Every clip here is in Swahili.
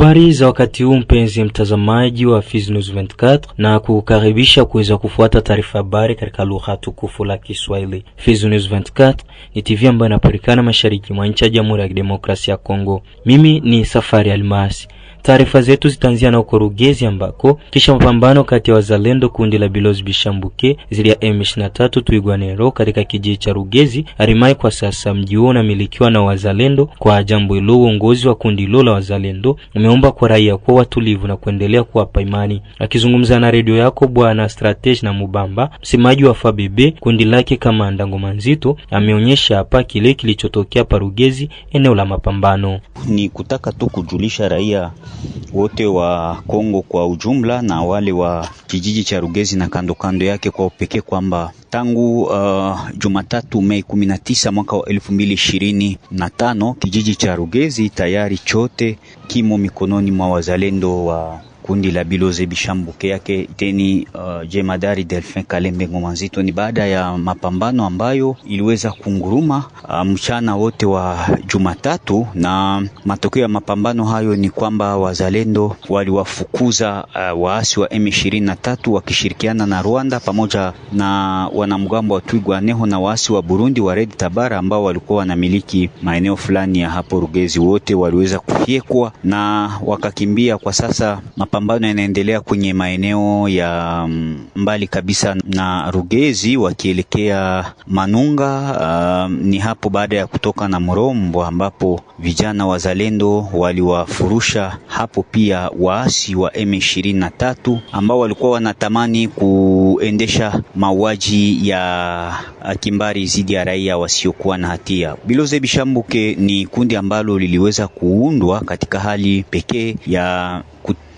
Habari za wakati huu mpenzi mtazamaji wa Fizi News 24 na kukaribisha kuweza kufuata taarifa habari katika lugha tukufu la Kiswahili. Fizi News 24 ni TV ambayo inapatikana mashariki mwa nchi ya Jamhuri ya Kidemokrasia ya Kongo. Mimi ni Safari Almasi. Taarifa zetu zitaanzia na rugezi ambako kisha mapambano kati ya wazalendo kundi la bilos Bishambuke zili ya M23 Twigwanero katika kijiji cha Rugezi Arimai, kwa sasa mji huo unamilikiwa na wazalendo. Kwa jambo hilo, uongozi wa kundi hilo la wazalendo umeomba kwa raia kuwa watulivu na kuendelea kuwapa imani. Akizungumza na redio yako bwana Stratege na Mubamba, msemaji wa FABB kundi lake kamanda Ngoma Nzito, ameonyesha hapa kile kilichotokea Parugezi, eneo la mapambano. Ni kutaka tu kujulisha raia wote wa Kongo kwa ujumla na wale wa kijiji cha Rugezi na kando kando yake kwa upekee kwamba tangu uh, Jumatatu Mei 19 mwaka wa 2025 kijiji cha Rugezi tayari chote kimo mikononi mwa wazalendo wa Kundi la Biloze Bishambuke yake teni uh, jemadari Delfin Kalembe Ngoma Nzito ni baada ya mapambano ambayo iliweza kunguruma uh, mchana wote wa Jumatatu, na matokeo ya mapambano hayo ni kwamba wazalendo waliwafukuza uh, waasi wa M23 wakishirikiana na Rwanda pamoja na wanamgambo wa Twirwaneho na waasi wa Burundi wa Red Tabara ambao walikuwa wanamiliki maeneo fulani ya hapo Rugezi, wote waliweza kufyekwa na wakakimbia kwa sasa Mapambano yanaendelea kwenye maeneo ya mm, mbali kabisa na Rugezi wakielekea Manunga. Uh, ni hapo baada ya kutoka na Morombo ambapo vijana wazalendo waliwafurusha hapo pia waasi wa M23 ambao walikuwa wanatamani kuendesha mauaji ya kimbari dhidi ya raia wasiokuwa na hatia. Biloze Bishambuke ni kundi ambalo liliweza kuundwa katika hali pekee ya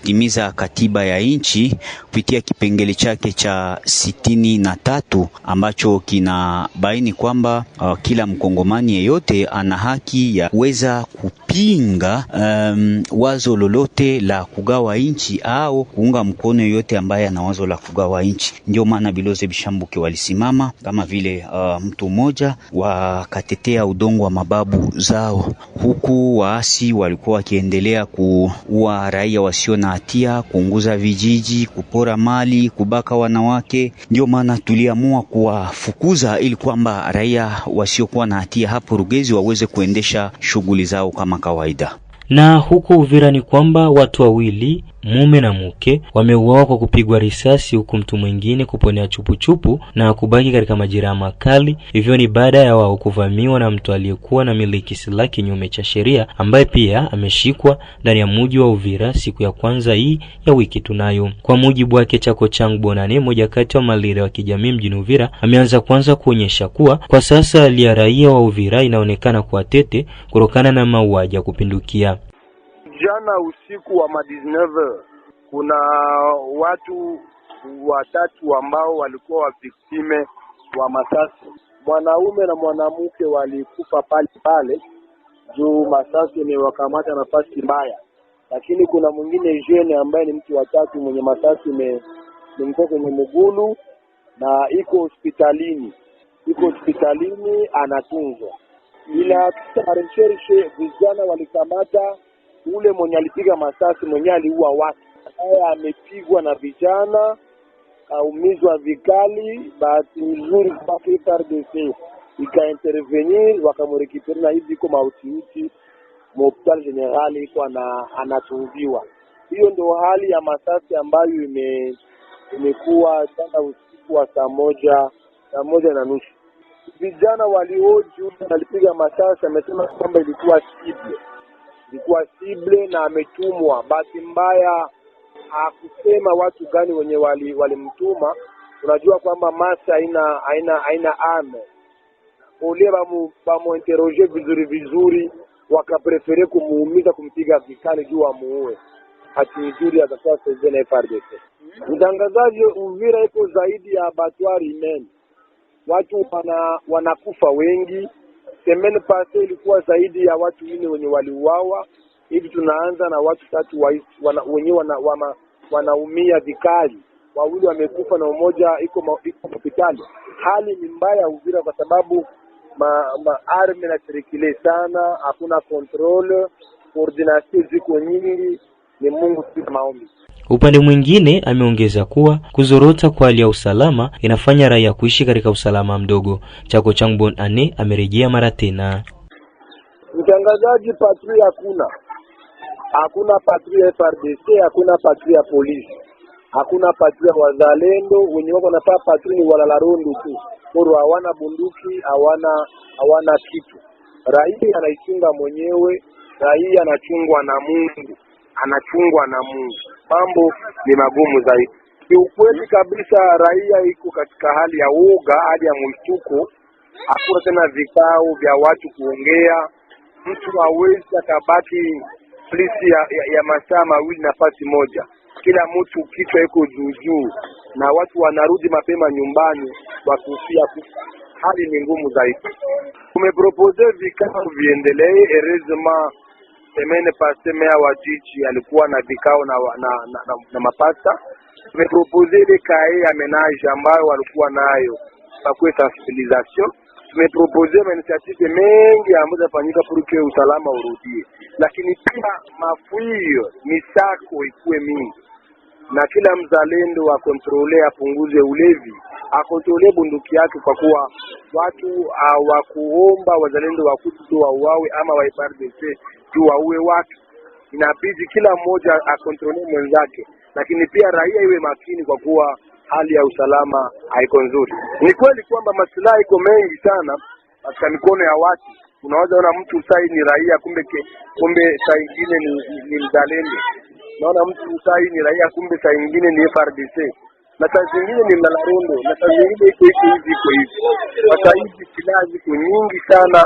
kutimiza katiba ya nchi kupitia kipengele chake cha sitini na tatu ambacho kinabaini kwamba uh, kila mkongomani yeyote ana haki ya kuweza kupinga um, wazo lolote la kugawa nchi au kuunga mkono yote ambaye ana wazo la kugawa nchi. Ndio maana Biloze Bishambuke walisimama kama vile uh, mtu mmoja, wakatetea udongo wa mababu zao, huku waasi walikuwa wakiendelea kuua raia wasio na hatia, kuunguza vijiji, kupora mali, kubaka wanawake. Ndio maana tuliamua kuwafukuza ili kwamba raia wasiokuwa na hatia hapo Rugezi waweze kuendesha shughuli zao kama kawaida. Na huko Uvira ni kwamba watu wawili mume na mke wameuawa kwa kupigwa risasi, huku mtu mwingine kuponea chupuchupu na kubaki katika majeraha makali. Hivyo ni baada ya wao kuvamiwa na mtu aliyekuwa na miliki silaha kinyume cha sheria, ambaye pia ameshikwa ndani ya muji wa Uvira siku ya kwanza hii ya wiki tunayo. Kwa mujibu wake Chako Changu Bonane, moja kati wa malira wa kijamii mjini Uvira, ameanza kwanza kuonyesha kuwa kwa sasa hali ya raia wa Uvira inaonekana kuwa tete kutokana na mauaji ya kupindukia. Jana usiku wa ma19 kuna watu watatu ambao walikuwa waviktime wa masasi. Mwanaume na mwanamke walikufa pale pale juu masasi imewakamata nafasi mbaya, lakini kuna mwingine jeune ambaye ni mtu watatu mwenye masasi imemtoa kwenye mgulu na iko hospitalini, iko hospitalini anatunzwa. Ila katika vijana walikamata ule mwenye alipiga masasi mwenye aliua watu, haya amepigwa na vijana kaumizwa vikali. Bahati nzuri kwake FARDC ikaintervenir wakamrekiperi na hivi iko mautiuti mhospitali generali iko anachungiwa. Hiyo ndio hali ya masasi ambayo ime- imekuwa jana usiku wa saa moja saa moja na nusu. Vijana walioji alipiga masasi amesema kwamba ilikuwa sivyo alikuwa sible na ametumwa. Bahati mbaya hakusema watu gani wenye walimtuma, wali unajua kwamba masi haina haina haina ame olie bamuinteroge vizuri vizuri, wakaprefere kumuumiza kumpiga vikali juu amuue. Hati nzuri atakuwa na FRDC. Mtangazaji, Uvira iko zaidi ya batwari men, watu wana, wanakufa wengi Semene pase ilikuwa zaidi ya watu nne wenye waliuawa. Hivi tunaanza na watu tatu wenyewe wana, wana, wanaumia vikali, wawili wamekufa na umoja iko iko hospitali. Hali ni mbaya Uvira kwa sababu ma, ma na serikali sana, hakuna kontrole, koordinasio ziko nyingi. Ni Mungu si maombi. Upande mwingine, ameongeza kuwa kuzorota kwa hali ya usalama inafanya raia kuishi katika usalama mdogo. Chako Changbon Ane amerejea mara tena. Mtangazaji, patri hakuna, hakuna patri ya FRDC, hakuna patri ya polisi, hakuna patri ya wazalendo. Wenye wako wanafaa patri ni rondo tu, koro hawana bunduki, hawana hawana kitu. Raia anaichunga mwenyewe, raia anachungwa na Mungu, anachungwa na Mungu mambo ni magumu zaidi. Kiukweli kabisa, raia iko katika hali ya uga hali ya mshtuko. Hakuna tena vikao vya watu kuongea, mtu hawezi akabaki plisi ya, ya, ya masaa mawili nafasi moja. Kila mtu kichwa iko juujuu, na watu wanarudi mapema nyumbani wakufia kufa. Hali ni ngumu zaidi. Tumepropose vikao viendelee erezema Semene Paste, mea wa jiji, alikuwa na vikao na, na, na, na, na mapasta. Tumepropose ile kae ya menage ambayo walikuwa nayo pakuwe sensibilisation. Tumepropose mainitiative mengi ambayo zafanyika purke usalama urudie, lakini pia mafuio misako ikuwe mingi na kila mzalendo akontrole apunguze ulevi, akontrole bunduki yake, kwa kuwa watu hawakuomba ah, wazalendo wa Kutsu wauawe ama wa FARDC tu waue watu. Inabidi kila mmoja akontrole mwenzake, lakini pia raia iwe makini kwa kuwa hali ya usalama haiko nzuri. Ni kweli kwamba masilaha iko mengi sana katika mikono ya watu. Unaweza ona mtu sai ni raia, kumbe kumbe saa ingine ni, ni, ni mzalendo naona mtu saa hii ni raia, kumbe saa nyingine ni FRDC na saa zingine ni Malarundo na saa zingine iko iko hivi iko hivi. Sasa hizi silaha ziko nyingi sana,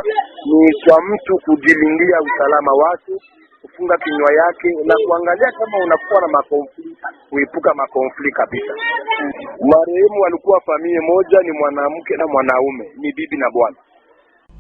ni kwa mtu kujilindia usalama wake, kufunga kinywa yake na kuangalia kama unakuwa na makonfli, kuepuka makonfli kabisa. Marehemu alikuwa familia moja, ni mwanamke na mwanaume, ni bibi na bwana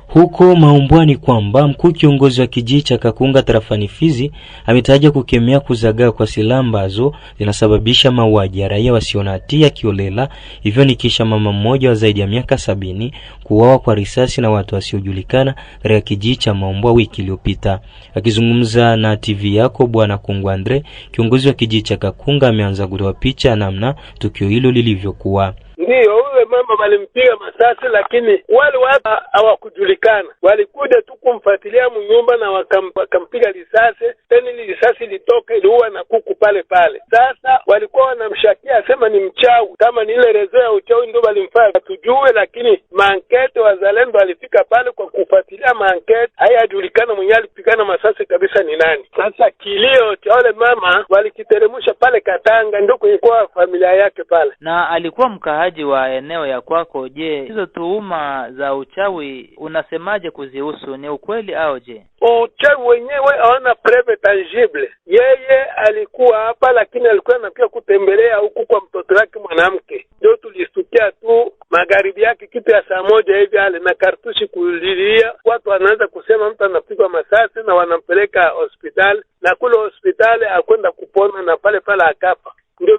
huko Maumbwani kwamba mkuu kiongozi wa kijiji cha Kakunga tarafani Fizi ametaja kukemea kuzagaa kwa silaha ambazo zinasababisha mauaji ya raia wasio na hatia kiolela, hivyo ni kisha mama mmoja wa zaidi ya miaka sabini kuuawa kwa risasi na watu wasiojulikana katika kijiji cha Maumbwa wiki iliyopita. Akizungumza na TV yako Bwana Kungu Andre, kiongozi wa kijiji cha Kakunga ameanza kutoa picha ya namna tukio hilo lilivyokuwa. Ndiyo, yule mama walimpiga masasi, lakini wale watu hawakujulikana, walikuja tu kumfuatilia mnyumba na wakampiga risasi, teni ili risasi ilitoka iliua na kuku pale pale. Sasa walikuwa wanamshakia asema ni mchawi, kama ni ile rezo ya uchawi ndio walimfaa atujue lakini maankete wazalendo walifika pale kwa kufuatilia maankete, hayajulikana mwenye alipigana masasi kabisa ni nani. Sasa kilio cha wale mama walikiteremusha pale Katanga, ndio kuikuwa familia yake pale, na alikuwa mkaa wakaaji wa eneo ya kwako. Je, hizo tuhuma za uchawi unasemaje kuzihusu? Ni ukweli au je? Uchawi wenyewe hawana preve tangible. Yeye alikuwa hapa, lakini alikuwa anapia kutembelea huku kwa mtoto wake mwanamke, ndio tulistukia tu magharibi yake kitu ya saa moja hivi, ale na kartushi kulilia, watu wanaanza kusema mtu anapigwa masasi na wanampeleka hospitali, na kule hospitali akwenda kupona na pale pale akapa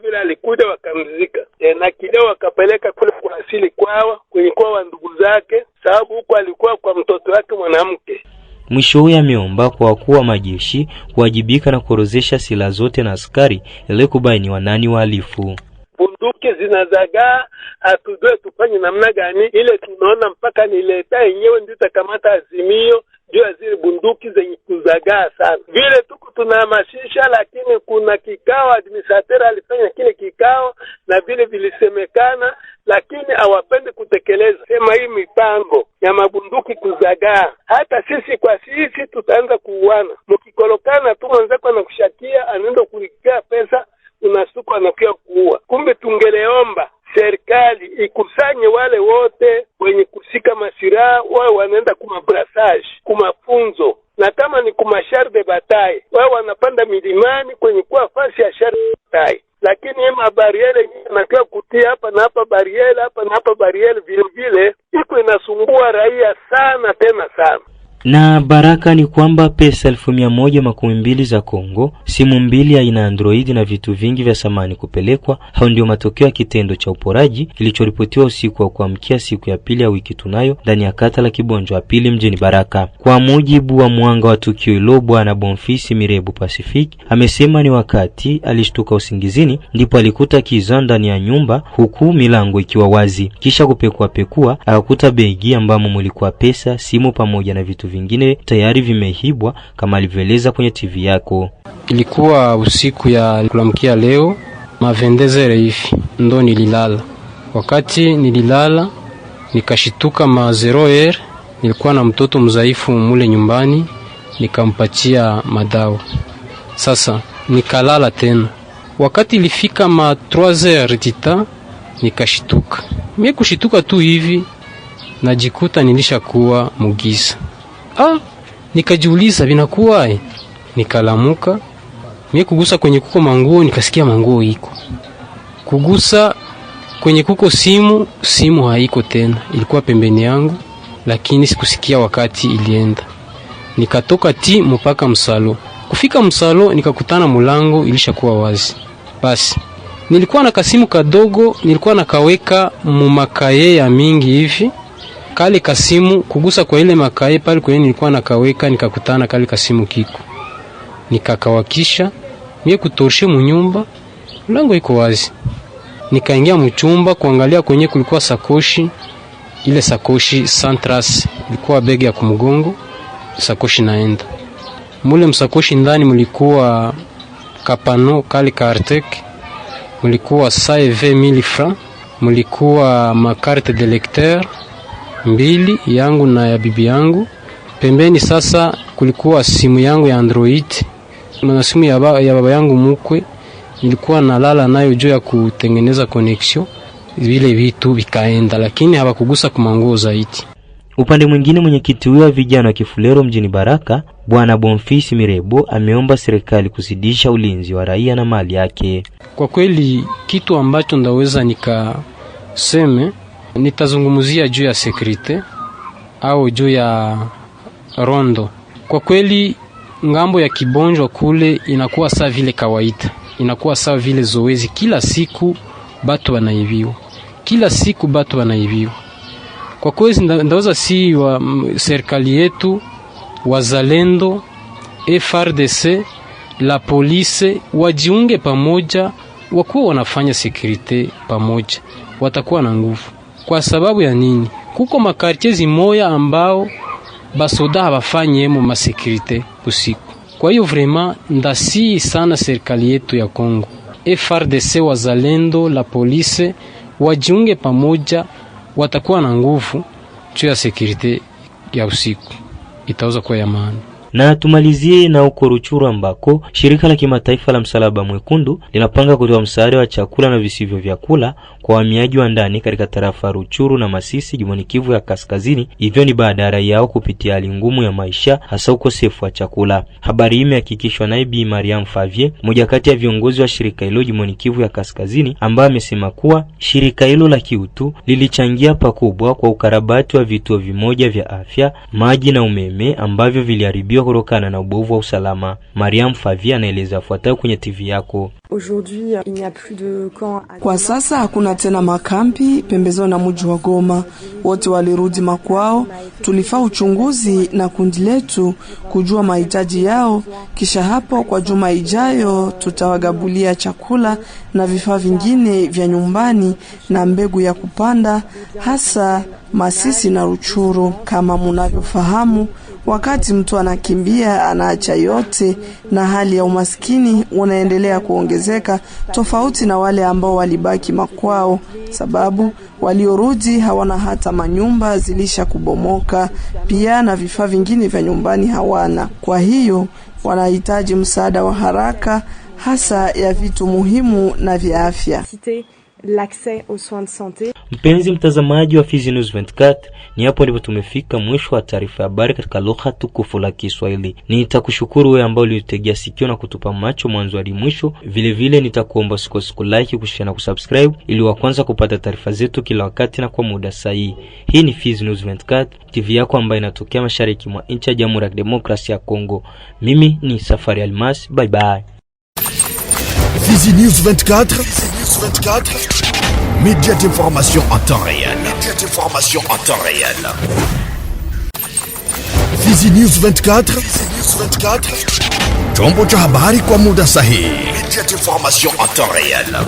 vile alikuja wakamzika e, na kileo wakapeleka kule kwa asili kwawa kwa wa ndugu zake, sababu huko alikuwa kwa mtoto wake mwanamke. Mwisho huyo ameomba kwa wakuu wa majeshi kuwajibika na kuorozesha silaha zote na askari ili kubaini wanani wahalifu bunduki zinazagaa, hatujue tufanye namna gani. Ile tunaona mpaka ni leta yenyewe ndio itakamata azimio juu ya zile bunduki zenye kuzagaa sana. Vile tuko tunahamasisha, lakini kuna kikao administrateur alifanya kile kikao na vile vilisemekana, lakini awapende kutekeleza sema hii mipango ya mabunduki kuzagaa. Hata sisi kwa sisi tutaanza kuuana, mkikorokana tu mwenzako anakushakia anaenda kulikia pesa unasuka anakia kuua. Kumbe tungeleomba serikali ikusanye wale wote wenye kushika masiraha, wao wanaenda kumabrasage, kumafunzo na kama ni kumashar de bataille, wao wanapanda milimani kwenye kuwa fasi ya shar de bataille lakini ye mabariele anakia kutia hapa na hapa bariele hapa na hapa bariele vilevile iko inasumbua raia sana tena sana. Na baraka ni kwamba pesa elfu mia moja makumi mbili za Kongo, simu mbili aina Android na vitu vingi vya samani kupelekwa. Hao ndio matokeo ya kitendo cha uporaji kilichoripotiwa usiku wa kuamkia siku ya pili ya wiki tunayo ndani ya kata la Kibonjo ya pili mjini Baraka. Kwa mujibu wa mwanga wa tukio hilo, bwana Bonfisi Mirebu Pacific amesema ni wakati alishtuka usingizini ndipo alikuta kiza ndani ya nyumba huku milango ikiwa wazi, kisha kupekua pekua akakuta begi ambamo mulikuwa pesa, simu pamoja na vitu vitu vingine tayari vimehibwa kama alivyoeleza kwenye TV yako. Ilikuwa usiku ya kulamkia leo mavendezere hivi ndo nililala. Wakati nililala nikashituka ma zero air, nilikuwa na mtoto mzaifu mule nyumbani, nikampatia madawa. Sasa nikalala tena, wakati ilifika ma 3h dita nikashituka. Mie kushituka tu hivi najikuta nilishakuwa mugisa ah, nikajiuliza vinakuwaje? Nikalamuka mimi kugusa kwenye kuko manguo, nikasikia manguo iko kugusa kwenye kuko simu, simu haiko tena, ilikuwa pembeni yangu, lakini sikusikia wakati ilienda. Nikatoka ti mpaka msalo. Kufika msalo, nikakutana mulango ilishakuwa wazi. Basi nilikuwa na kasimu kadogo, nilikuwa nakaweka mumakaye ya mingi hivi kale kasimu kugusa kwa ile makae pale kwenye nilikuwa nakaweka, nikakutana kale kasimu kiko, nikakawakisha mie kutorshe munyumba, mlango iko wazi, nikaingia mchumba kuangalia kwenye kulikuwa sakoshi ile sakoshi santras ilikuwa begi ya kumgongo sakoshi naenda mule msakoshi ndani mlikuwa kapano kali kartek mulikuwa 20000 francs mulikuwa makarte de lecteur mbili yangu na ya bibi yangu. Pembeni sasa kulikuwa simu yangu ya Android na simu ya baba, ya baba yangu mukwe, nilikuwa nalala nayo juu ya kutengeneza connection. Vile vitu vikaenda, lakini hawakugusa kumanguo zaidi. Upande mwingine, mwenyekiti huyo wa vijana wa Kifulero mjini Baraka, Bwana Bonfisi Mirebo, ameomba serikali kuzidisha ulinzi wa raia na mali yake. Kwa kweli kitu ambacho ndaweza nikaseme Nitazungumzia juu ya sekurite au juu ya rondo. Kwa kweli, ngambo ya Kibonjwa kule inakuwa saa vile kawaida, inakuwa saa vile zoezi. Kila siku batu wanaibiwa, kila siku batu wanaibiwa. Kwa kweli, ndaweza si wa serikali yetu, wazalendo, FRDC, la polisi wajiunge pamoja, wakuwa wanafanya sekurite pamoja, watakuwa na nguvu kwa sababu ya nini? Kuko makartie zimoya ambao basoda habafanyemo masekirite usiku. Kwa hiyo vrema ndasii sana serikali yetu ya Kongo, FRDC, wazalendo, la polise wajiunge pamoja, watakuwa na nguvu juu ya sekirite ya usiku, itaweza kuwa ya maana na tumalizie na huko Ruchuru ambako shirika la kimataifa la Msalaba Mwekundu linapanga kutoa msaada wa chakula na visivyo vyakula kwa wahamiaji wa ndani katika tarafa ya Ruchuru na Masisi jimboni Kivu ya Kaskazini. Hivyo ni baada ya raia yao kupitia hali ngumu ya maisha, hasa ukosefu wa chakula. Habari hii imehakikishwa naye Bi Mariam Favie, mmoja kati ya viongozi wa shirika hilo jimboni Kivu ya Kaskazini, ambaye amesema kuwa shirika hilo la kiutu lilichangia pakubwa kwa ukarabati wa vituo vimoja vya afya, maji na umeme ambavyo viliharibiwa kutokana na ubovu wa usalama. Mariam Favie anaeleza afuatayo kwenye TV yako. Kwa sasa hakuna tena makambi pembezoni na muji wa Goma. Wote walirudi makwao. Tulifaa uchunguzi na kundi letu kujua mahitaji yao, kisha hapo kwa juma ijayo tutawagabulia chakula na vifaa vingine vya nyumbani na mbegu ya kupanda, hasa Masisi na Ruchuru. Kama munavyofahamu Wakati mtu anakimbia, anaacha yote na hali ya umaskini unaendelea kuongezeka, tofauti na wale ambao walibaki makwao, sababu waliorudi hawana hata manyumba zilisha kubomoka, pia na vifaa vingine vya nyumbani hawana. Kwa hiyo wanahitaji msaada wa haraka, hasa ya vitu muhimu na vya afya l'accès aux soins de santé. Mpenzi mtazamaji wa Fizi News 24, ni hapo ndipo tumefika mwisho wa taarifa ya habari katika lugha tukufu la Kiswahili. Nitakushukuru wewe ambao ulitegea sikio na kutupa macho mwanzo hadi mwisho. Vile vile nitakuomba usikose like, kushare na kusubscribe ili wa kwanza kupata taarifa zetu kila wakati na kwa muda sahihi. Hii ni Fizi News 24, TV yako ambayo inatokea mashariki mwa nchi ya Jamhuri ya Kidemokrasia ya Kongo. Mimi ni Safari Almas, bye bye. Fizi News 24. 24 média d'information en temps réel. Média d'information en temps réel. Fizi News 24, Fizi News 24, chombo kwa muda sahihi. Média d'information en temps réel.